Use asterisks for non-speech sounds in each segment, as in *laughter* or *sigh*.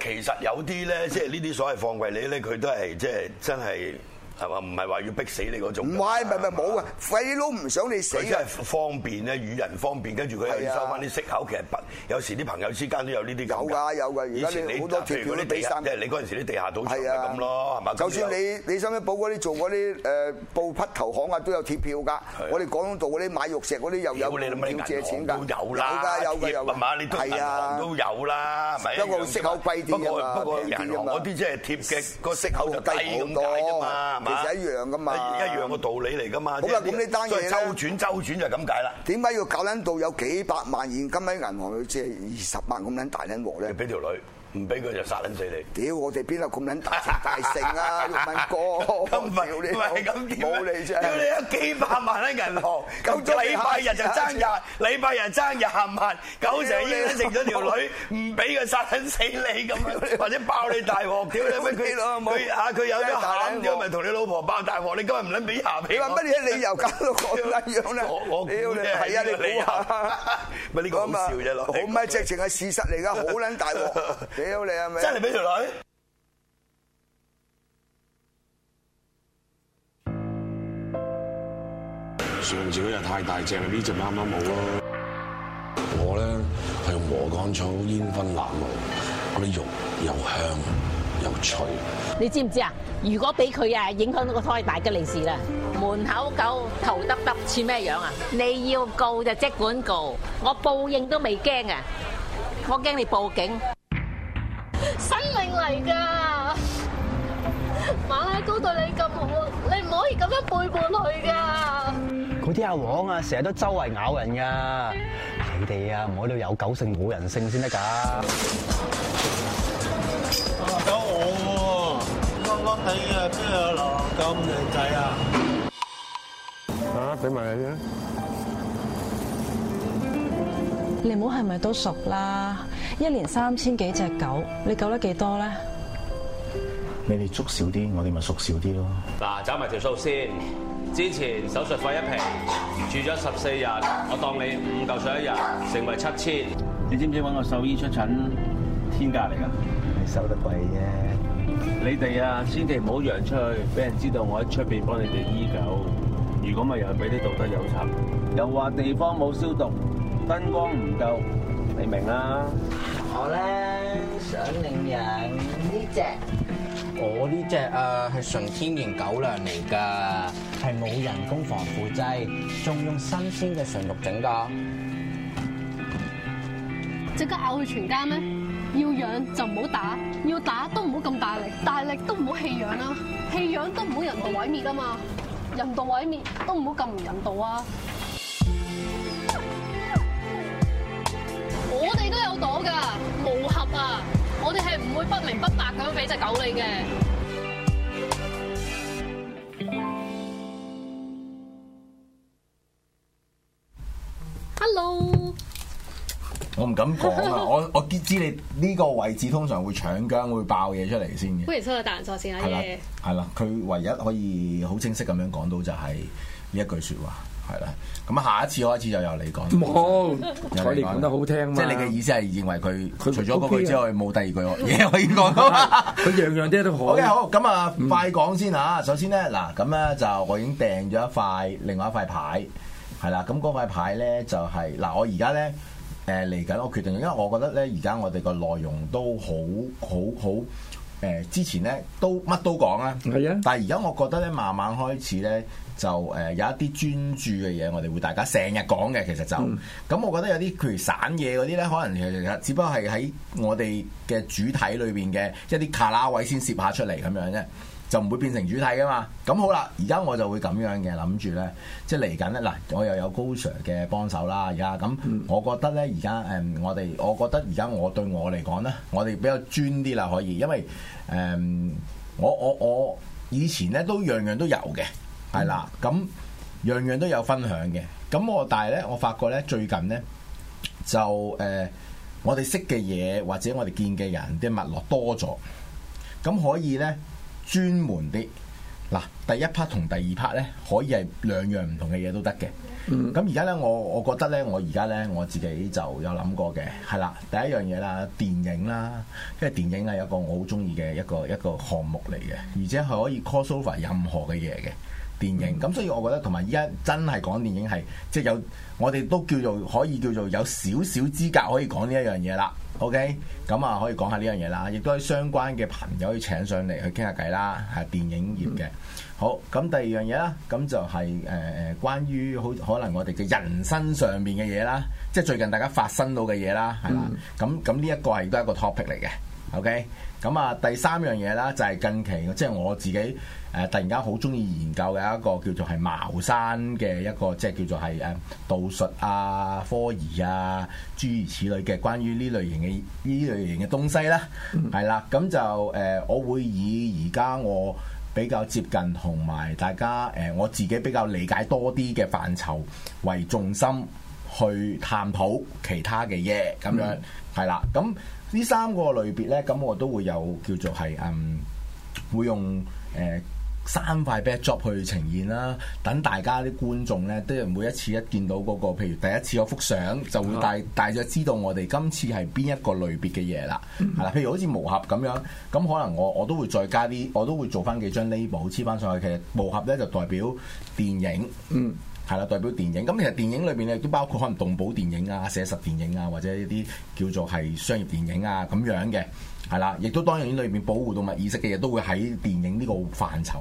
其實有啲咧，即係呢啲所謂放貴利咧，佢都係即係真係。係嘛？唔係話要逼死你嗰種。唔係唔係冇啊！廢佬唔想你死。佢真係方便咧，與人方便，跟住佢又收翻啲息口，其實有時啲朋友之間都有呢啲。有㗎有㗎，以前你好多貼票啲地，即係你嗰陣時啲地下賭場係咁咯，係嘛？就算你你想家保嗰啲做嗰啲誒報匹投行啊，都有貼票㗎。我哋廣東道嗰啲買玉石嗰啲又有貼票借錢㗎，有啦，有㗎有㗎，有㗎。係啊，都有啦，係咪？不過息口貴啲，不過不過，我啲即係貼嘅個息口就低咁多㗎嘛。其實一樣噶嘛，一樣個道理嚟噶嘛，好的。好啊，咁呢單嘢咧，周轉週轉就係咁解啦。點解要搞撚到有幾百萬現金喺銀行度借二十萬咁撚大撚鑊呢？俾條女。唔俾佢就殺撚死你！屌，我哋邊度咁撚大財大勝啊？玉芬哥咁屌你，唔係咁屌咩？屌你有幾百萬喺銀行，咁禮拜日就爭日，禮拜日爭廿萬，九成已經食咗條女，唔俾佢殺撚死你咁樣，或者爆你大鑊！屌你乜佢，佢嚇佢有啲喊咗咪同你老婆爆大鑊？你今日唔撚俾下俾乜嘢理由搞到咁撚樣咧？我屌你係啊！你冇啊？咪呢、這個笑啫咯？唔係直情係事實嚟噶，好撚大鑊！真係俾條女上次又太大隻，呢隻啱啱好咯。我咧係用禾稈草煙熏臘肉，嗰啲肉又香又脆。你知唔知啊？如果俾佢啊，影響到個胎，大吉利是啦。門口狗頭耷耷，似咩樣啊？你要告就即管告，我報應都未驚啊！我驚你報警。生命嚟噶，馬拉糕對你咁好，你唔可以咁樣背叛佢噶。嗰啲阿黃啊，成日都周圍咬人噶，你哋啊，唔好到有狗性冇人性先得噶。有我，笠笠地啊，邊度有流浪狗啊，咁靚仔啊，啊，俾埋你啦。你唔好係咪都熟啦？一年三千幾隻狗，你救得幾多咧？你哋捉少啲，我哋咪熟少啲咯。嗱，走埋條數先。之前手術費一皮，住咗十四日，我當你五舊水一日，成埋七千。你知唔知揾個獸醫出診？天價嚟噶，你收得貴啫。你哋啊，千祈唔好揚出去，俾人知道我喺出邊幫你哋醫狗。如果咪又俾啲道德有賊，又話地方冇消毒，燈光唔夠。明啦，我咧想領養呢隻。我呢隻啊，係純天然狗糧嚟噶，係冇人工防腐劑，仲用新鮮嘅純肉整噶。即刻咬佢全家咩？要養就唔好打，要打都唔好咁大力，大力都唔好棄養啦，棄養都唔好人道毀滅啊嘛，人道毀滅都唔好咁唔人道啊！我哋都有賭噶，冇合啊！我哋係唔會不明不白咁樣俾隻狗你嘅。Hello，我唔敢講啊！我我知你呢個位置通常會搶姜，會爆嘢出嚟先嘅。不如收個大銀先啦，依家耶。係係啦，佢唯一可以好清晰咁樣講到就係呢一句說話。係啦，咁下一次開始就由你講。冇有，彩你講,講得好聽。即係你嘅意思係認為佢佢除咗嗰句之外冇第二句嘢可以講。佢 okay *laughs* 樣樣啲都好。OK，好，咁啊快講先嚇。首先咧嗱，咁咧就我已經訂咗一塊另外一塊牌，係啦。咁嗰塊牌咧就係、是、嗱，我而家咧誒嚟緊，我決定，因為我覺得咧而家我哋個內容都好好好誒、呃，之前咧都乜都講啊。係啊的。但係而家我覺得咧，慢慢開始咧。就誒、呃、有一啲專注嘅嘢，我哋會大家成日講嘅，其實就咁，嗯、我覺得有啲譬如散嘢嗰啲咧，可能其實只不過係喺我哋嘅主題裏邊嘅一啲卡拉位先攝下出嚟咁樣啫，就唔會變成主題噶嘛。咁好啦，而家我就會咁樣嘅諗住咧，即係嚟緊咧嗱，我又有高 Sir 嘅幫手啦。而家咁，我覺得咧，而家誒我哋，我覺得而家我對我嚟講咧，我哋比較專啲啦，可以，因為誒、嗯、我我我以前咧都樣，樣樣都有嘅。係啦，咁樣樣都有分享嘅。咁我但係咧，我發覺咧最近咧就誒、呃，我哋識嘅嘢或者我哋見嘅人啲物料多咗，咁可以咧專門啲嗱，第一 part 同第二 part 咧可以係兩樣唔同嘅嘢都得嘅。咁而家咧，我我覺得咧，我而家咧我自己就有諗過嘅係啦。第一樣嘢啦，電影啦，因為電影係一個我好中意嘅一個一個項目嚟嘅，而且係可以 cover all 任何嘅嘢嘅。電影咁，嗯、所以我覺得同埋依家真係講電影係，即係有我哋都叫做可以叫做有少少資格可以講呢一樣嘢啦。OK，咁啊可以講下呢樣嘢啦，亦都相關嘅朋友可以請上嚟去傾下偈啦，係電影業嘅。嗯、好，咁第二樣嘢啦，咁就係誒關於好可能我哋嘅人身上面嘅嘢啦，即係最近大家發生到嘅嘢啦，係啦。咁咁呢一個係都係一個 topic 嚟嘅。OK。咁啊，第三樣嘢啦，就係近期即係我自己誒、呃，突然間好中意研究嘅一個叫做係茅山嘅一個即係叫做係誒道術啊、科儀啊諸如此類嘅關於呢類型嘅呢類型嘅東西啦，係、嗯、啦，咁就誒、呃、我會以而家我比較接近同埋大家誒、呃、我自己比較理解多啲嘅範疇為重心去探討其他嘅嘢，咁樣，係、嗯、啦，咁。呢三個類別呢，咁我都會有叫做係嗯，會用誒、呃、三塊 back job 去呈現啦。等大家啲觀眾呢，都每一次一見到嗰、那個，譬如第一次嗰幅相就會大大隻知道我哋今次係邊一個類別嘅嘢啦。係啦、嗯，譬如好似幕合咁樣，咁可能我我都會再加啲，我都會做翻幾張 label 黐翻上去。其實幕合呢，就代表電影嗯。係啦，代表電影咁，其實電影裏邊咧都包括可能動保電影啊、寫實電影啊，或者一啲叫做係商業電影啊咁樣嘅，係喇，亦都當然裏邊保護動物意識嘅嘢都會喺電影呢個範疇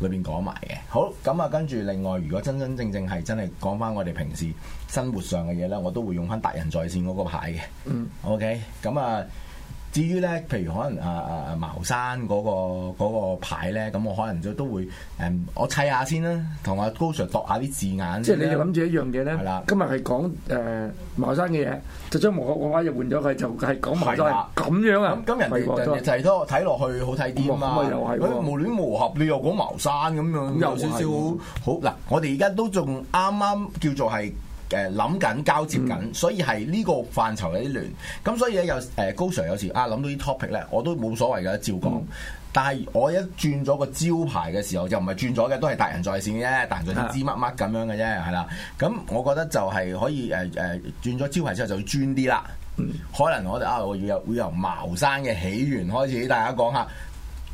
裏邊講埋嘅。好，咁啊，跟住另外，如果真真正正係真係講翻我哋平時生活上嘅嘢咧，我都會用翻達仁在線嗰個牌嘅。嗯。OK，咁啊。至於咧，譬如可能啊啊茅山嗰、嗰個嗰個牌咧，咁我可能就都會誒，我砌下先啦，同阿高 Sir 度下啲字眼。即係你又諗住一樣嘢咧，今日係講誒茅山嘅嘢，就將無合嗰塊嘢換咗，係就係講茅山。咁樣啊？咁咁、啊、人哋就係多睇落去好睇啲啊嘛。嗯、無亂無合，你又講茅山咁樣，嗯、有少少好嗱、嗯。我哋而家都仲啱啱叫做係。誒諗緊交接緊，嗯、所以係呢個範疇有啲亂，咁所以咧有誒高 Sir 有時啊諗到啲 topic 咧，我都冇所謂嘅，照講。嗯、但係我一轉咗個招牌嘅時候，就唔係轉咗嘅，都係達仁在線嘅啫，達仁在線知乜乜咁樣嘅啫，係啦、嗯。咁我覺得就係可以誒誒、啊、轉咗招牌之後就要專啲啦。嗯、可能我哋啊，我由會由茅山嘅起源開始，大家講下。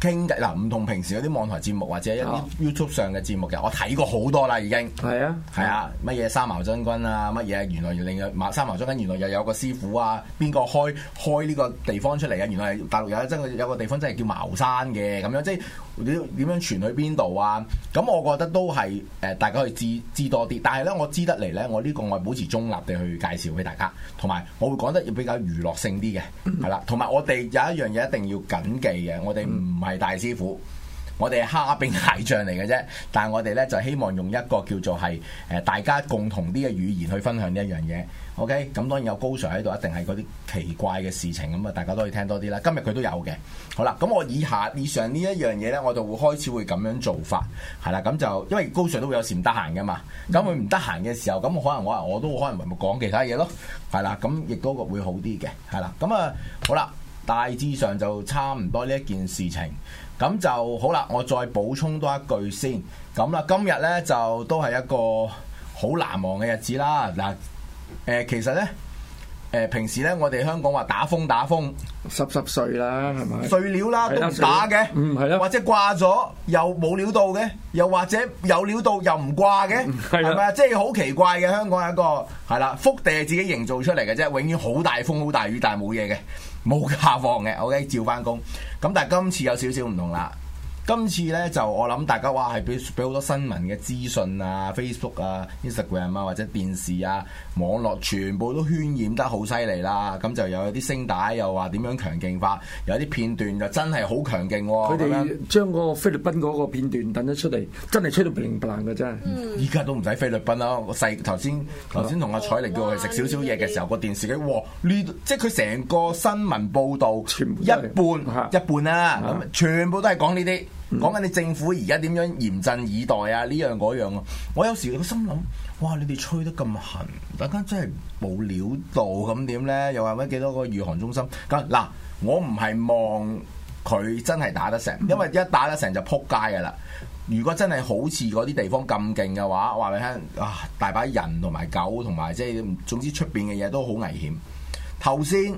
傾偈嗱，唔同平時嗰啲網台節目或者一啲 YouTube 上嘅節目嘅，我睇過好多啦，已經係啊，係啊，乜嘢三茅真君啊，乜嘢原來另三茅真君原來又有個師傅啊，邊個開開呢個地方出嚟啊？原來大陸有真個有個地方真係叫茅山嘅咁樣，即係點點樣傳去邊度啊？咁我覺得都係誒，大家去知知多啲。但係咧，我知得嚟咧，我呢個我係保持中立地去介紹俾大家，同埋我會講得要比較娛樂性啲嘅，係啦、嗯。同埋我哋有一樣嘢一定要緊記嘅，我哋唔係。大師傅，我哋係蝦兵蟹將嚟嘅啫，但係我哋呢就希望用一個叫做係誒大家共同啲嘅語言去分享呢一樣嘢。OK，咁當然有高 Sir 喺度，一定係嗰啲奇怪嘅事情，咁啊大家都可以聽多啲啦。今日佢都有嘅，好啦，咁我以下以上呢一樣嘢呢，我就會開始會咁樣做法，係啦，咁就因為高 Sir 都會有時唔得閒噶嘛，咁佢唔得閒嘅時候，咁可能我我都可能唔會講其他嘢咯，係啦，咁亦都會好啲嘅，係啦，咁啊好啦。大致上就差唔多呢一件事情，咁就好啦。我再補充多一句先，咁啦，今日呢，就都係一個好難忘嘅日子啦。嗱、呃，其實呢、呃，平時呢，我哋香港話打風打風，濕濕碎啦，係咪碎料啦，係啦，都唔打嘅，或者掛咗又冇料到嘅，又或者有料到又唔掛嘅，係咪？即係好奇怪嘅，香港係一個係啦，福地係自己營造出嚟嘅啫，永遠好大風好大雨，但係冇嘢嘅。冇下放嘅，OK 照返工。咁但係今次有少少唔同啦。今次呢，就我諗大家話係俾俾好多新聞嘅資訊啊，Facebook 啊，Instagram 啊，或者電視啊，網絡全部都渲染得好犀利啦。咁就有啲聲帶，又話點樣強勁化，有啲片段就真係好強勁喎、啊。佢哋將嗰個菲律賓嗰個片段等咗出嚟，真係吹到白零白零嘅真係。依家、嗯、都唔使菲律賓啦，我細頭先頭先同阿采妮叫我佢食少少嘢嘅時候，個、啊、電視機哇呢，即係佢成個新聞報導一半一半啦，全部都係、啊啊、講呢啲。講緊你政府而家點樣嚴陣以待啊？呢樣嗰樣啊！我有時個心諗，哇！你哋吹得咁痕，大家真係冇料到咁點呢？又話咩幾多個禦寒中心？咁嗱，我唔係望佢真係打得成，因為一打得成就撲街噶啦！如果真係好似嗰啲地方咁勁嘅話，話你聽啊，大把人同埋狗同埋即係總之出邊嘅嘢都好危險。頭先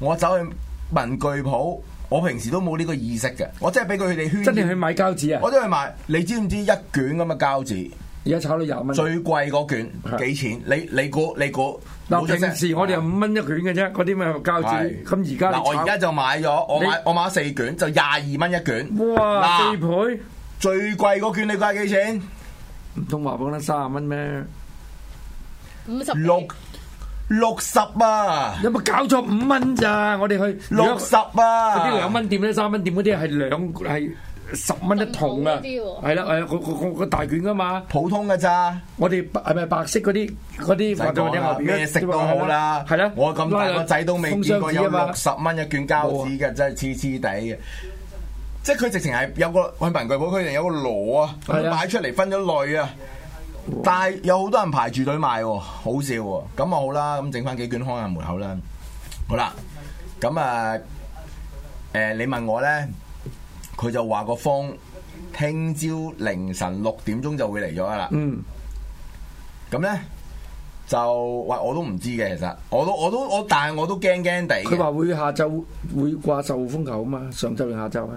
我走去文具鋪。我平時都冇呢個意識嘅，我真係俾佢哋圈。真係去買膠紙啊！我都去買，你知唔知一卷咁嘅膠紙而家炒到廿蚊？最貴嗰卷幾錢？你你估你估？平時我哋五蚊一卷嘅啫，嗰啲咩膠紙？咁而家我而家就買咗，我買我買四卷，就廿二蚊一卷。哇！四倍，最貴嗰卷你估幾錢？唔通話講得卅蚊咩？五十。六？六十啊！有冇搞錯五蚊咋？我哋去六十啊！嗰啲兩蚊店咧、三蚊店嗰啲係兩係十蚊一筒啊！係啦，誒，個個大卷噶嘛，普通嘅咋？我哋係咪白色嗰啲嗰啲或者咩食都好啦？係啦，我咁大個仔都未見過有六十蚊一卷膠紙嘅，真係黐黐地嘅。即係佢直情係有個喺文具鋪，佢哋有個籮啊，佢擺出嚟分咗類啊。但係有好多人排住隊買喎。哦，好笑喎。哦，咁啊好啦，咁整翻幾卷康喺門口啦，好啦，咁啊，誒、呃，你問我咧，佢就話個風聽朝凌晨六點鐘就會嚟咗啦，嗯呢，咁咧就，喂，我都唔知嘅，其實，我都我都我，但係我都驚驚地，佢話會下晝會掛受風球啊嘛，上晝定下晝啊？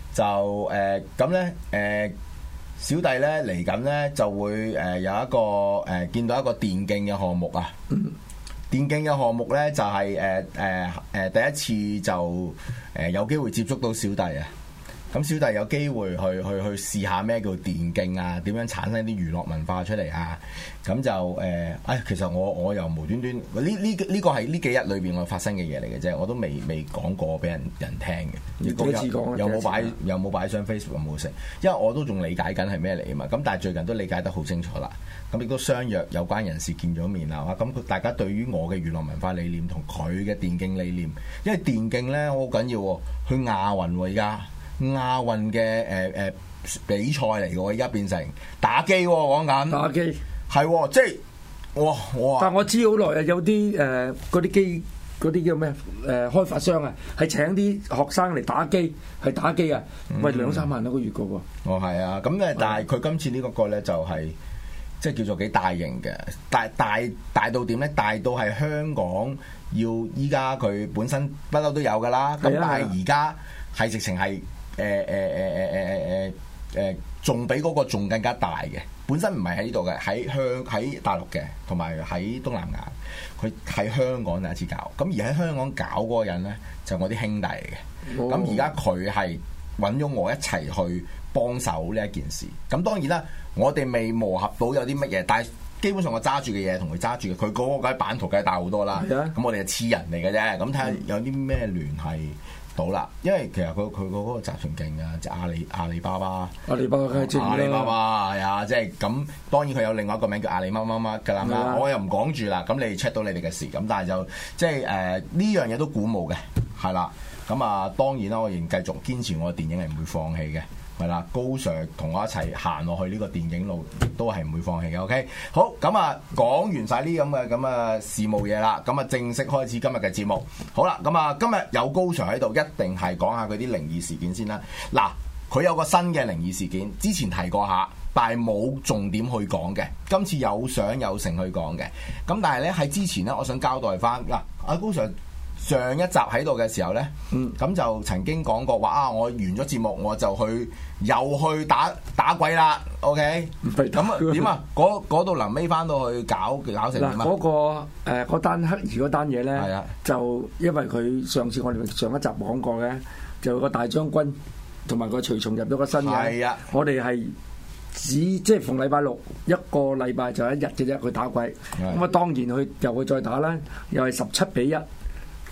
就誒咁呢，誒、呃呃、小弟呢嚟緊呢就會誒有一個誒、呃、見到一個電競嘅項目啊！ *coughs* 電競嘅項目呢，就係誒誒誒第一次就、呃、有機會接觸到小弟啊！咁小弟有機會去去去試下咩叫電競啊？點樣產生啲娛樂文化出嚟啊？咁就誒、呃，哎，其實我我又無端端呢呢呢個係呢幾日裏邊我發生嘅嘢嚟嘅啫，我都未未講過俾人人聽嘅。幾次講啊？有冇擺有冇擺上 Facebook 有冇食？因為我都仲理解緊係咩嚟啊嘛。咁但係最近都理解得好清楚啦。咁亦都相約有關人士見咗面啦。咁，大家對於我嘅娛樂文化理念同佢嘅電競理念，因為電競呢好緊要喎，去亞運喎、啊，而家。亞運嘅誒誒比賽嚟嘅喎，而家變成打機喎、哦，講緊打機係即係哇！我但係我知好耐啊，有啲誒嗰啲機嗰啲叫咩誒、呃、開發商啊，係請啲學生嚟打機，係打機啊，喂、嗯嗯、兩三萬一個月嘅喎。哦，係啊，咁咧但係佢今次呢個個咧就係即係叫做幾大型嘅，大大大到點咧？大到係香港要依家佢本身不嬲都有嘅啦，咁但係而家係直情係。誒誒誒誒誒誒誒誒，仲、欸欸欸欸欸、比嗰個仲更加大嘅，本身唔係喺呢度嘅，喺香喺大陸嘅，同埋喺東南亞，佢喺香港第一次搞，咁而喺香港搞嗰個人咧就我啲兄弟嚟嘅，咁而家佢係揾咗我一齊去幫手呢一件事，咁當然啦，我哋未磨合到有啲乜嘢，但係基本上我揸住嘅嘢同佢揸住嘅，佢嗰個梗係版圖梗係大好多啦，咁我哋係黐人嚟嘅啫，咁睇下有啲咩聯繫。到啦，因為其實佢佢嗰個集團勁啊，即係阿里阿里巴巴，阿里巴巴阿里巴巴係啊，即係咁，當然佢有另外一個名叫阿里乜乜乜噶啦，我又唔講住啦，咁你 check 到你哋嘅事，咁但係就即係誒呢樣嘢都鼓舞嘅，係啦，咁啊當然啦，我仍繼續堅持我嘅電影係唔會放棄嘅。係啦，高 Sir 同我一齊行落去呢個電影路，亦都係唔會放棄嘅。OK，好，咁啊，講完晒啲咁嘅咁嘅事務嘢啦，咁啊正式開始今日嘅節目。好啦，咁啊今日有高 Sir 喺度，一定係講下佢啲靈異事件先啦。嗱，佢有個新嘅靈異事件，之前提過下，但係冇重點去講嘅，今次有想有成去講嘅。咁但係呢，喺之前呢，我想交代翻嗱，阿、啊、高 Sir。上一集喺度嘅時候咧、嗯，咁就曾經講過話啊！我完咗節目我就去又去打打鬼啦。OK，咁啊點啊？嗰嗰到臨尾翻到去搞搞成乜？嗰、嗰個、呃、單黑兒嗰單嘢咧，是啊、就因為佢上次我哋上一集講過嘅，就個大將軍同埋個隨從入咗個新嘢。我哋係只即係逢禮拜六一個禮拜是、啊、就一日嘅啫，佢打鬼咁是啊！當然佢又會再打啦，又係十七比一。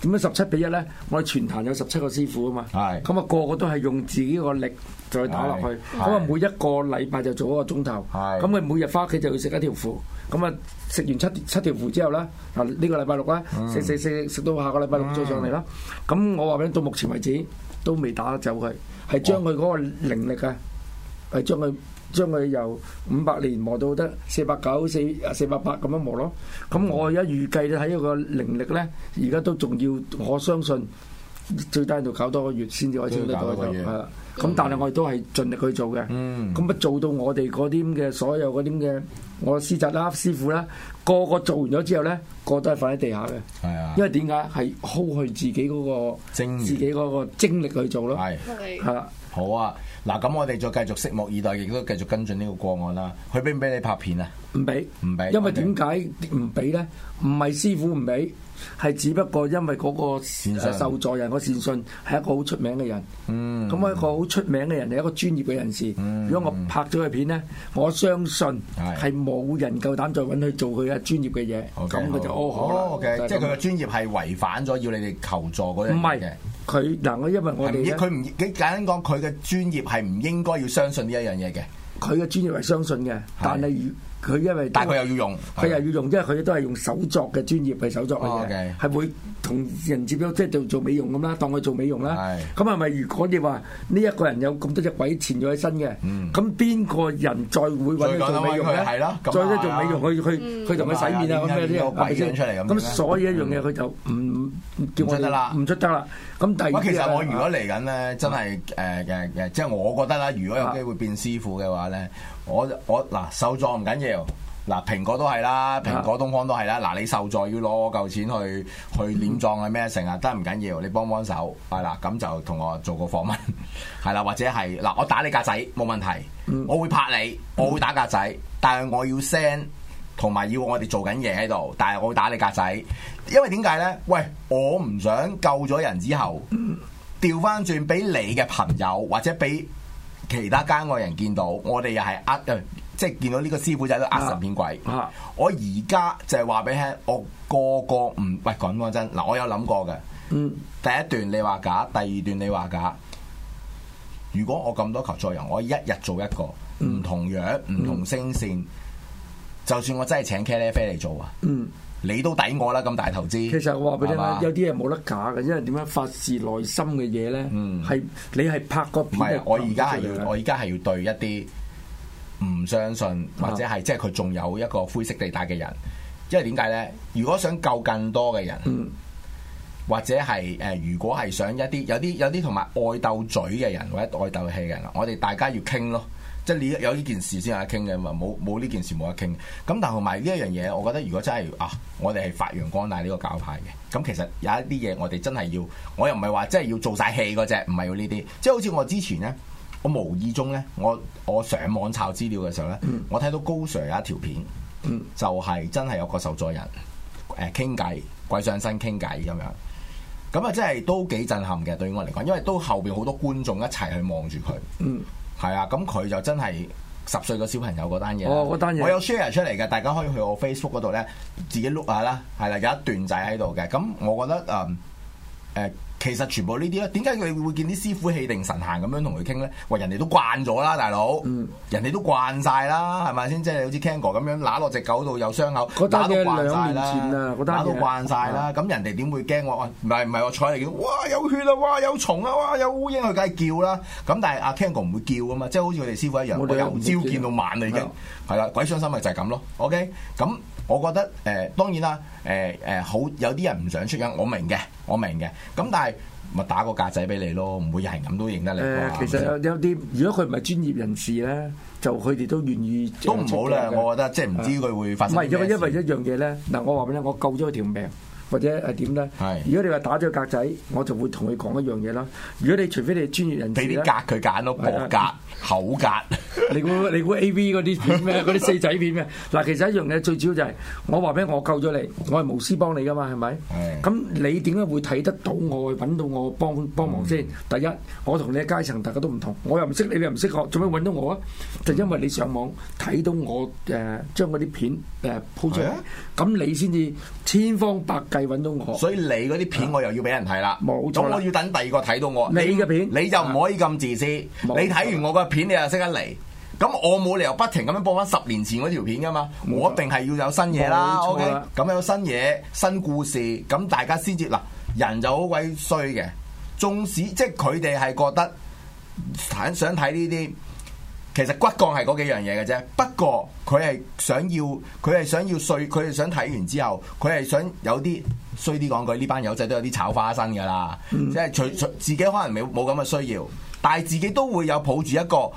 點解十七比一咧？我哋全壇有十七個師傅啊嘛，咁啊個個都係用自己個力再打落去，咁啊每一個禮拜就做一個鐘頭，咁佢每日翻屋企就要食一條符，咁啊食完七七條符之後咧，啊呢個禮拜六咧食食食食到下個禮拜六再上嚟啦，咁我話俾你，到目前為止都未打得走佢，係將佢嗰個靈力啊，係將佢。將佢由五百年磨到得四百九四四百八咁樣磨咯，咁我而家預計咧，喺一個能力咧，而家都仲要我相信最低度搞多個月先至可以做得到係啦。咁、嗯、但係我哋都係盡力去做嘅。嗯。咁啊做到我哋嗰啲咁嘅所有嗰啲嘅。我師侄啦，師傅啦，個個做完咗之後咧，個，個都係瞓喺地下嘅。係啊，因為點解係耗去自己嗰、嗰個精源，自己嗰個精力去做咯。係，係啦。好啊，嗱，咁我哋再繼續拭目以待，亦都繼續跟進呢個個案啦。佢俾唔俾你拍片啊？唔俾，唔俾。因為點解唔俾咧？唔係師傅唔俾。係只不過，因為嗰個受助人個善信係一個好出名嘅人，咁、嗯、一個好出名嘅人係一個專業嘅人士。嗯、如果我拍咗個片咧，我相信係冇人夠膽再搵佢做佢嘅專業嘅嘢。咁佢是就 O 好啦，哦、okay, 即係佢嘅專業係違反咗要你哋求助嗰樣嘢嘅。唔係嘅。佢，嗱，我因為我哋佢唔幾簡單講，佢嘅專業係唔應該要相信呢一樣嘢嘅。佢嘅專業係相信嘅，是但係如。佢因為，但係佢又要用，佢又要用，因為佢都係用手作嘅專業，係手作嘅，係會同人接觸，即係做做美容咁啦，當佢做美容啦。咁係咪？如果你話呢一個人有咁多隻鬼纏咗喺身嘅，咁邊個人再會揾佢做美容咧？係咯，再做美容，佢佢同佢洗面啊，咁樣啲鬼出嚟咁。咁所以一樣嘢，佢就唔唔叫我唔出得啦。咁第二，其實我如果嚟緊呢，真係誒即係我覺得啦，如果有機會變師傅嘅話咧。我我嗱、啊、受助唔緊要，嗱、啊、蘋果都係啦，蘋果東方都係啦，嗱、啊、你受助要攞我嚿錢去去殮葬係咩成啊？得唔緊要，你幫幫手係啦，咁就同我做個訪問係啦，或者係嗱、啊、我打你格仔冇問題，我會拍你，我會打格仔，但係我要 send 同埋要我哋做緊嘢喺度，但係我會打你格仔，因為點解呢？喂，我唔想救咗人之後調翻轉俾你嘅朋友或者俾。其他街外人見到，我哋又係呃，即係見到呢個師傅仔都呃神騙鬼。啊啊、我而家就係話俾你聽，我個個唔喂，講講真，嗱我有諗過嘅。嗯、第一段你話假，第二段你話假。如果我咁多求助人，我一日做一個唔同樣唔同聲線。嗯嗯嗯就算我真係請茄哩啡嚟做啊，嗯，你都抵我啦！咁大投資，其實我話俾你聽，吧有啲嘢冇得假嘅，因為點樣發洩內心嘅嘢咧，係你係拍個片唔係，我而家係要，嗯、我而家係要對一啲唔相信或者係、嗯、即係佢仲有一個灰色地帶嘅人。因為點解咧？如果想救更多嘅人，嗯呃、人，或者係誒，如果係想一啲有啲有啲同埋愛鬥嘴嘅人或者愛鬥氣嘅人，我哋大家要傾咯。即係你有呢件事先有得傾嘅嘛，冇冇呢件事冇得傾。咁但係同埋呢一樣嘢，我覺得如果真係啊，我哋係發揚光大呢個教派嘅，咁其實有一啲嘢我哋真係要，我又唔係話真係要做晒戲嗰隻，唔係要呢啲。即係好似我之前呢，我無意中呢，我我上網查資料嘅時候呢，嗯、我睇到高 Sir 有一條片，就係、是、真係有個受助人誒傾偈，鬼上身傾偈咁樣。咁啊，真係都幾震撼嘅，對於我嚟講，因為都後邊好多觀眾一齊去望住佢。嗯係啊，咁佢就真係十歲個小朋友嗰單嘢，哦、我有 share 出嚟嘅，大家可以去我 Facebook 嗰度咧，自己 look 下啦，係啦、啊，有一段仔喺度嘅，咁我覺得嗯。Um, 其實全部呢啲咯，點解佢會見啲師傅氣定神閒咁樣同佢傾咧？哇，人哋都慣咗啦，大佬，嗯、人哋都慣晒啦，係咪先？即係好似 k o n g o 咁樣乸落隻狗度有傷口，打都慣晒啦，打、那個、都慣晒啦。咁的人哋點會驚我？唔係唔係我坐喺度？哇，有血啊！哇，有蟲啊！哇，有烏蠅，佢梗係叫啦。咁但係阿 k o n g o 唔會叫啊嘛，即係好似佢哋師傅一樣，由朝見到晚啦，已經係啦。鬼傷心咪就係咁咯。OK，咁。我覺得誒、呃、當然啦，誒、呃、誒好有啲人唔想出緊，我明嘅，我明嘅。咁但係咪打個格仔俾你咯？唔會有人咁都認得你、呃。其實有啲，如果佢唔係專業人士咧，就佢哋都願意。都唔好咧，我覺得即係唔知佢會發生咩事。唔係，因為一樣嘢咧。嗱，我話俾你，我救咗佢條命，或者係點咧？係。如果你話打咗格仔，我就會同佢講一樣嘢啦。如果你除非你專業人士，俾啲格佢揀咯，格。口格 *laughs* 你，你估你估 A V 嗰啲片咩？嗰啲四仔片咩？嗱，其實一樣嘢，最主要就係、是、我話俾我，我救咗你，我係無私幫你噶嘛，係咪？咁、嗯、你點解會睇得到我去揾到我幫幫忙先？第一，我同你嘅階層大家都唔同，我又唔識你，你又唔識我，做咩揾到我啊？就是、因為你上網睇到我誒、呃，將嗰啲片誒鋪出嚟咁、啊、你先至千方百計揾到我。所以你嗰啲片我又要俾人睇、啊、啦，冇，仲我要等第二個睇到我。你嘅片你，你就唔可以咁自私，啊、你睇完我片你又識得嚟，咁我冇理由不停咁樣播翻十年前嗰條片噶嘛，嗯、我一定係要有新嘢啦，OK？咁有新嘢、新故事，咁大家先至嗱，人就好鬼衰嘅，縱使即係佢哋係覺得想想睇呢啲，其實骨幹係嗰幾樣嘢嘅啫。不過佢係想要，佢係想要碎，佢係想睇完之後，佢係想有啲衰啲講句，呢班友仔都有啲炒花生噶啦，嗯、即係除除自己可能冇冇咁嘅需要。但係自己都會有抱住一個，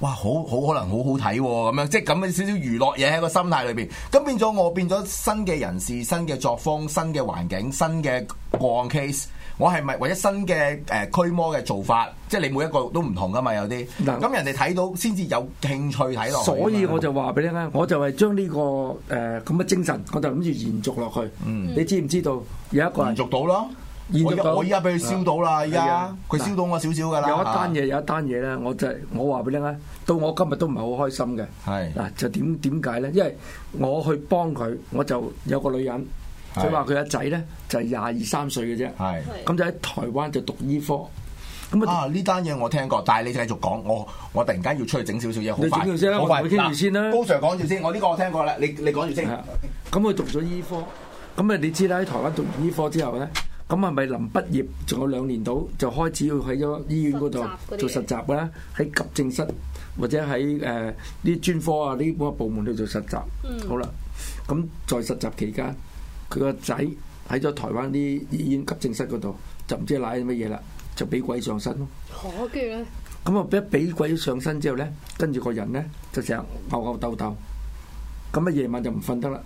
哇！好好可能好好睇咁樣，即係咁嘅少少娛樂嘢喺個心態裏邊。咁變咗我變咗新嘅人士、新嘅作風、新嘅環境、新嘅個案 case，我係咪為咗新嘅誒驅魔嘅做法？即係你每一個都唔同噶嘛？有啲嗱，咁人哋睇到先至有興趣睇落。所以我就話俾你聽，我就係將呢個誒咁嘅精神，我就諗住延續落去。嗯，你知唔知道有一個人延續到咯？我我依家俾佢燒到啦！依家佢燒到我少少噶啦。有一單嘢有一單嘢咧，我就我話俾你聽啊，到我今日都唔係好開心嘅。係嗱是的 就點點解咧？因為我去幫佢，我就有個女人，佢話佢阿仔咧就係廿二三歲嘅啫。係咁就喺台灣就讀醫科。咁啊呢單嘢我聽過，但係你繼續講，我我突然間要出去整少少嘢，好快。你快我埋佢傾住先啦、啊。高 Sir 講住先，我、這、呢個我聽過啦。你你講住先。咁佢讀咗醫科，咁啊你知啦？喺台灣讀醫科之後咧。咁係咪臨畢業仲有兩年到就開始要喺咗醫院嗰度做實習咧？喺急症室或者喺誒啲專科啊呢嗰個部門度做實習。嗯、好啦，咁在實習期間，佢個仔喺咗台灣啲醫院急症室嗰度，就唔知賴乜嘢啦，就俾鬼上身咯。嚇！跟住咧，咁啊，一俾鬼上身之後咧，跟住個人咧就成日吽吽豆豆，咁啊夜晚就唔瞓得啦。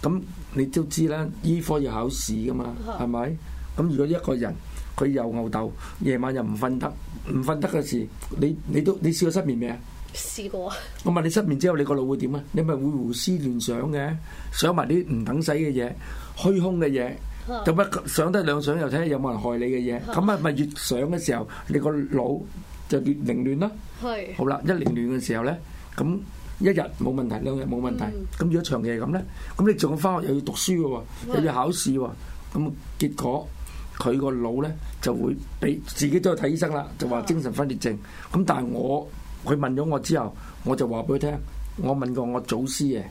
咁你都知啦，醫科要考試噶嘛，係咪、嗯？是咁如果一個人佢又吽哣，夜晚又唔瞓得，唔瞓得嘅時，你你都你試過失眠未啊？試過啊！我問你失眠之後，你個腦會點啊？你咪會胡思亂想嘅，想埋啲唔等使嘅嘢、虛空嘅嘢，咁咪想得兩想又睇下有冇人害你嘅嘢，咁啊咪越想嘅時候，你個腦就越凌亂囉。係。好啦，一凌亂嘅時候咧，咁一日冇問題，兩日冇問題，咁如果長期係咁咧，咁你仲要返學又要讀書嘅喎，又要考試喎，咁結果。佢個腦咧就會俾自己都去睇醫生啦，就話精神分裂症。咁但係我佢問咗我之後，我就話俾佢聽，我問過我祖師嘅，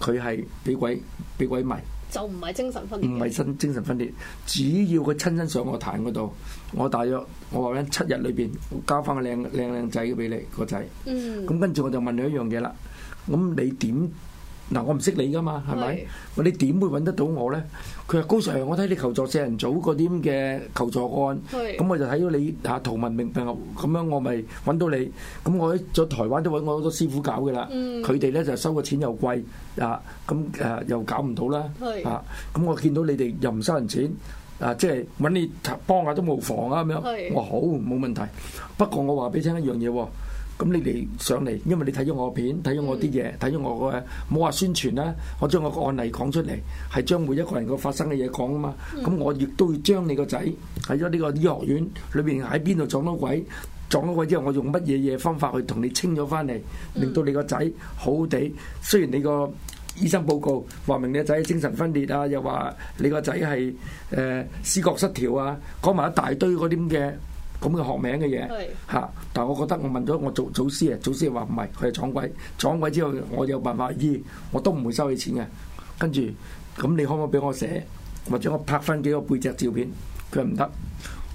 佢係俾鬼俾鬼迷，就唔係精神分裂，唔係精精神分裂。只要佢親身上我壇嗰度，我大約我話咧七日裏邊交翻個靚靚靚仔俾你個仔。嗯。咁跟住我就問你一樣嘢啦，咁你點？嗱，我唔識你噶嘛，係咪？我你點會揾得到我咧？佢話高 Sir，我睇你求助四人組嗰啲咁嘅求助案，咁我就睇到你啊，圖文並茂，咁樣我咪揾到你。咁我喺咗台灣都揾我好多師傅搞嘅啦，佢哋咧就收個錢又貴，啊咁啊又搞唔到啦，啊咁我見到你哋又唔收人錢，啊即係揾你幫下都冇妨啊咁樣。我話好，冇問題，不過我話俾你聽一樣嘢喎。咁你嚟上嚟，因為你睇咗我片，睇咗我啲嘢，睇咗我嘅，冇話宣傳啦。我將我個案例講出嚟，係將每一個人個發生嘅嘢講啊嘛。咁我亦都會將你個仔喺咗呢個醫學院裏邊喺邊度撞到鬼，撞到鬼之後，我用乜嘢嘢方法去同你清咗翻嚟，令到你個仔好地。雖然你個醫生報告話明你個仔精神分裂啊，又話你個仔係誒思覺失調啊，講埋一大堆嗰啲咁嘅。咁嘅學名嘅嘢，嚇！但係我覺得我問咗我祖祖師啊，祖師又話唔係，佢係撞鬼。撞鬼之後我有辦法醫，我都唔會收你錢嘅。跟住咁你可唔可以俾我寫，或者我拍翻幾個背脊照片？佢唔得。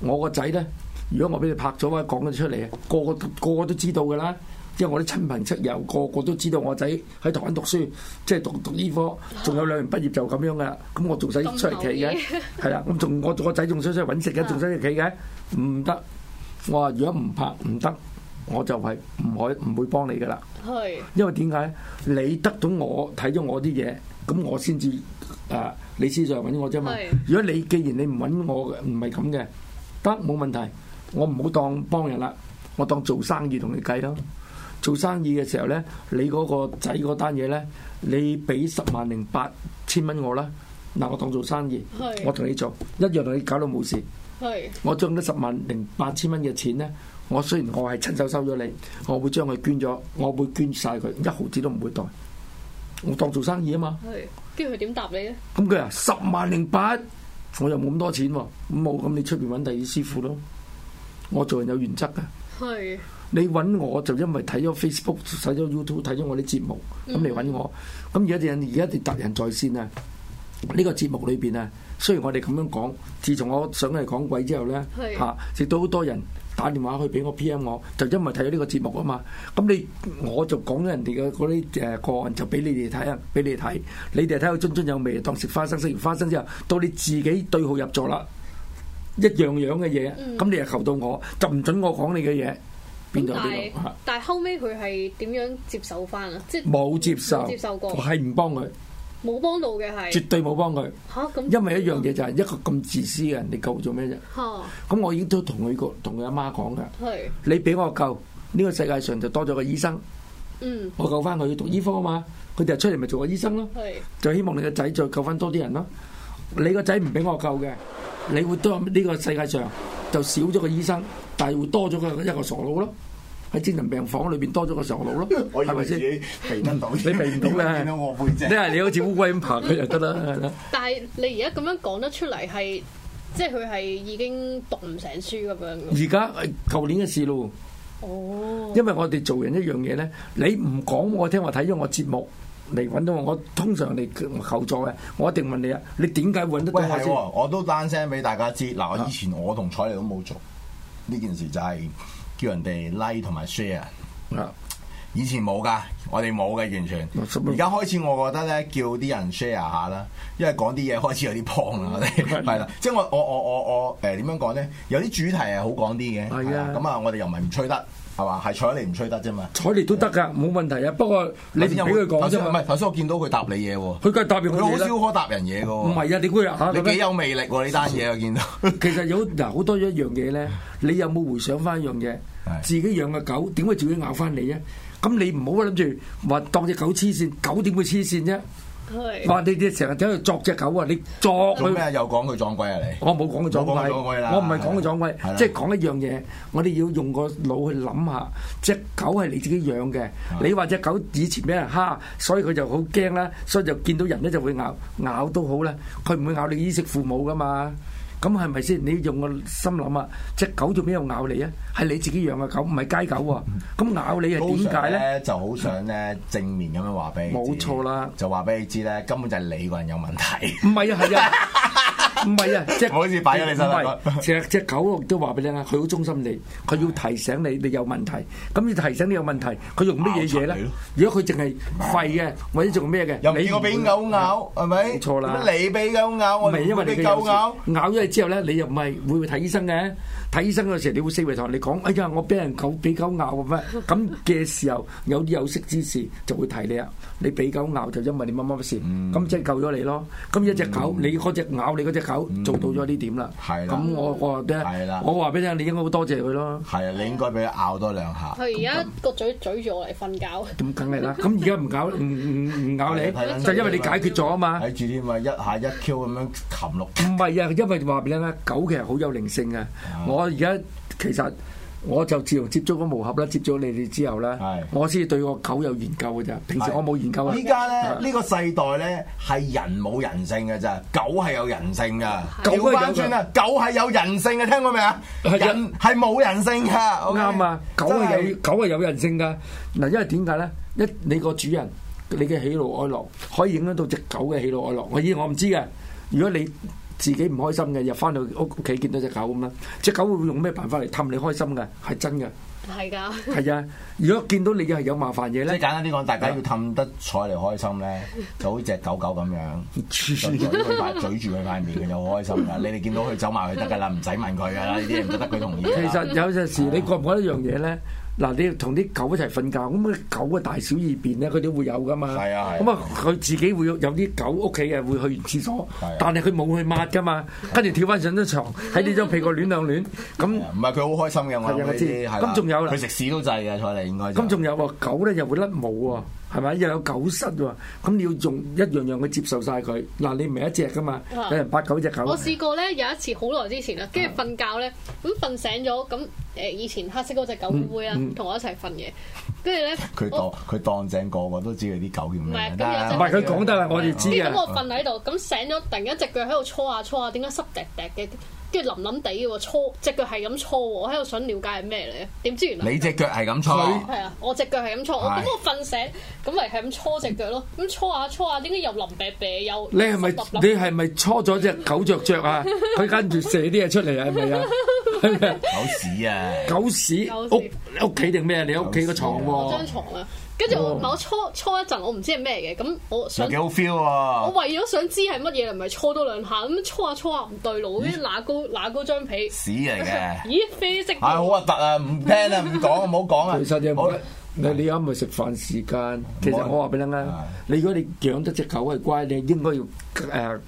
我個仔咧，如果我俾你拍咗啊，講咗出嚟，個個個個都知道㗎啦。因為我啲親朋戚友個，個個都知道我仔喺台灣讀書，即係讀讀醫科，仲有兩年畢業就咁樣噶啦。咁我仲使出嚟企嘅，係啦。咁仲我我仔仲想出去揾食嘅，仲使嚟企嘅，唔得。我話是的 如果唔拍唔得，我就係唔可唔會幫你噶啦。係，是的 因為點解？你得到我睇咗我啲嘢，咁我先至啊，你先上揾我啫嘛。是的 如果你既然你唔揾我，唔係咁嘅，得冇問題。我唔好當幫人啦，我當做生意同你計咯。做生意嘅時候咧，你嗰個仔嗰單嘢咧，你俾十萬零八千蚊我啦，嗱，我當做生意，係 我同你做一樣，同你搞到冇事。係 我將呢十萬零八千蚊嘅錢咧，我雖然我係親手收咗你，我會將佢捐咗，我會捐晒佢，一毫子都唔會袋。我當做生意啊嘛。跟住佢點答你咧？咁佢啊十萬零八，我又冇咁多錢喎、啊，冇咁你出邊揾第二師傅咯。我做人有原則噶。你揾我就因為睇咗 Facebook 睇咗 YouTube 睇咗我啲節目，咁你揾我。咁而家啲人而家啲達人在線啊，呢個節目裏邊啊，雖然我哋咁樣講，自從我上嚟講鬼之後咧，嚇是、啊，直到好多人打電話去俾我 PM 我，就因為睇咗呢個節目啊嘛。咁你我就講咗人哋嘅嗰啲誒個案，就俾你哋睇啊，俾你哋睇。你哋睇到津津有味，當食花生，食完花生之後，到你自己對號入座啦，一樣樣嘅嘢，咁你又求到我，就唔准我講你嘅嘢。咁但係是但係後尾佢係點樣接受翻啊？即係冇接受，冇接受過，係唔幫佢，冇幫到嘅係，絕對冇幫佢。吓咁，因為一樣嘢就係一個咁自私嘅人，你救佢做咩啫？咁哈，我已經都同佢個同佢阿媽講噶，係是你俾我救，呢、這個世界上就多咗個醫生。嗯，我救翻佢要讀醫科啊嘛，佢哋出嚟咪做個醫生咯、啊。係是，就希望你個仔再救翻多啲人咯、啊。你個仔唔俾我救嘅，你會多呢、這個世界上就少咗個醫生，但係會多咗佢一,一個傻佬咯、啊。喺精神病房裏邊多咗個上腦咯，係咪先？避你，你避唔到咩？見到我背脊 *laughs* 你係你好似烏龜咁爬佢就得啦。但係你而家咁樣講得出嚟，係即係佢係已經讀唔成書咁樣。而家係舊年嘅事咯。哦、嗯，因為我哋做人一樣嘢咧，你唔講我聽，我睇咗我節目嚟揾到我，我通常你求助嘅，我一定問你啊，你點解揾得到我、啊？我都單聲俾大家知。嗱，以前我同采妮都冇做呢件事、就是，就係。叫人哋 like 同埋 share 以前冇噶，我哋冇嘅完全。而家開始，我覺得咧叫啲人 share 下啦，因為講啲嘢開始有啲胖啦，我哋係啦。即係我我我我我誒，點樣講咧？有啲主題係好講啲嘅，係啊。咁啊，我哋又唔係唔吹得，係嘛？係睬你唔吹得啫嘛，睬你都得噶，冇問題啊。不過你又俾佢講啫。唔係頭先我見到佢答你嘢喎，佢佢代表佢好少可答人嘢噶。唔係啊，你估你幾有魅力喎？呢單嘢我見到。其實有嗱好多一樣嘢咧，你有冇回想翻一樣嘢？ *music* 自己養嘅狗點會自己咬翻你啊？咁你唔好諗住話當隻狗黐線，狗點會黐線啫？話 *music* 你你成日喺度作隻狗啊！你作咩又講佢撞鬼啊你？我冇講佢撞鬼，撞鬼我唔係講佢撞鬼，的即係講一樣嘢。我哋要用個腦去諗下，隻狗係你自己養嘅，的你話隻狗以前俾人蝦，所以佢就好驚啦，所以就見到人咧就會咬，咬都好啦，佢唔會咬你衣食父母噶嘛。咁係咪先？你用個心諗啊，隻狗做咩要咬你啊？係你自己養嘅狗，唔係街狗喎，啊。咁咬你係點解咧？就好想咧正面咁樣話俾你冇錯啦，就話俾你知咧，根本就係你個人有問題。唔係啊，係啊。 *laughs* 唔係啊！即係唔係？成日隻狗都話俾你聽啊！佢好忠心你，佢要提醒你你有問題。咁要提醒你有問題，佢用乜嘢嘢咧？如果佢淨係吠嘅，或者做咩嘅？又唔見我俾狗咬係咪？錯啦！乜你俾狗咬我？唔係因為你嘅嘢。咬咗你之後咧，你又唔係會唔會睇醫生嘅？睇醫生嘅時候你會四圍同人哋講：哎呀，我俾人狗俾狗咬咁嘅時候，有啲有識之士就會提你啊！你俾狗咬就因為你乜乜乜事？咁即係救咗你咯。咁一隻狗，你嗰隻咬你嗰隻狗。做到咗呢點啦，咁我我話俾你，我話俾你聽，你應該好多謝佢咯。係啊，你應該俾佢咬多兩下。佢而家個嘴咀住我嚟瞓覺。咁梗你啦。咁而家唔咬，唔唔咬你，就因為你解決咗啊嘛。睇住添啊，一下一 Q 咁樣擒落。唔係啊，因為話俾你聽狗其實好有靈性啊。我而家其實。我就自從接觸咗毛盒啦。接觸你哋之後咧，是我先對個狗有研究嘅咋。平時我冇研究。依家咧，呢是個世代咧，係人冇人性嘅咋，狗係有人性噶。調翻轉啊，狗係有人性嘅，聽過未啊？的人係冇人性噶，啱、okay? 啊。狗係有的狗係有人性噶。嗱，因為點解咧？一你個主人，你嘅喜怒哀樂可以影響到隻狗嘅喜怒哀樂。我依我唔知嘅，如果你。自己唔開心嘅又翻到屋企見到隻狗咁啦，隻狗會用咩辦法嚟氹你開心嘅？係真嘅，係㗎的，係啊！如果見到你嘅係有麻煩嘢咧，即係簡單啲講，大家要氹得彩嚟開心咧，就好似隻狗狗咁樣，咀住佢塊嘴住佢塊面，佢就好開心㗎。你哋見到佢走埋去得㗎啦，唔使問佢㗎啦，呢啲人覺得佢同意。其實有陣時，你覺唔覺得一樣嘢咧？嗱，你同啲狗一齊瞓覺，咁啊狗嘅大小二便咧，佢都會有噶嘛。係啊係。咁啊，佢、啊、自己會有啲狗屋企嘅會去完廁所，啊、但係佢冇去抹噶嘛，跟住、啊、跳翻上張床，喺你張被蓋亂兩亂。咁唔係佢好開心嘅、啊，我知。咁仲、啊、有啦，佢食屎都滯嘅，彩嚟應該、就是。咁仲有喎，狗咧又會甩毛喎、哦。係咪？又有狗虱喎，咁你要用一樣樣去接受晒佢。嗱、啊，你唔係一隻㗎嘛，啊、有人八九隻狗。我試過咧，有一次好耐之前啦，跟住瞓覺咧，咁瞓醒咗，咁誒以前黑色嗰隻狗會啊，同我一齊瞓嘅？跟住咧，佢當佢當正個個都知佢啲狗叫咩。唔係佢講得，我哋知嘅。咁我瞓喺度，咁醒咗，突然一隻腳喺度搓下搓下，點解濕滴滴嘅？跟住腍腍地嘅喎，搓隻腳係咁搓，我喺度想了解係咩嚟嘅？點知原來你隻腳係咁搓，係啊，啊，我隻腳係咁搓，啊、我咁我瞓醒咁咪係咁搓隻腳咯，咁搓下、啊、搓下、啊，點解又腍癟癟又？你係咪、嗯、你係咪搓咗隻狗雀雀啊？佢跟住射啲嘢出嚟 *laughs* 啊？係咪啊？狗屎啊！狗屎屋屋企定咩啊？你屋企個屋床喎、啊？我張床啊！跟住我、oh.，我搓搓一陣，我唔知係咩嘅，咁我想幾好 feel 啊，我為咗想知係乜嘢，唔係搓多兩下，咁搓下搓下唔對路，跟住乸高乸高張被，屎嚟嘅。 *laughs* 咦啡色？係 Physical、哎、好核突啊！唔聽啊！唔講啊！唔 *laughs* 好講啊！你而家唔係食飯時間，其實我話俾你聽啊！行的你如果你養得隻狗係乖，你應該要誒。呃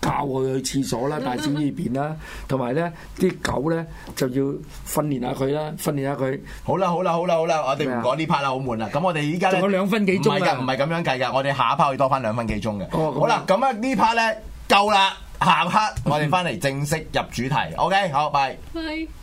教佢去廁所啦，大小二便啦，同埋咧啲狗咧就要訓練下佢啦，訓練下佢。好啦好啦好啦好啦，我哋唔講呢 part 啦，好悶啦。咁我哋依家咧，兩分幾鐘啊！唔係㗎，唔係咁樣計㗎。我哋下一 part 要多翻兩分幾鐘嘅。好啦，咁啊呢 part 咧夠啦，下 part 我哋翻嚟正式入主題。OK，好，拜拜。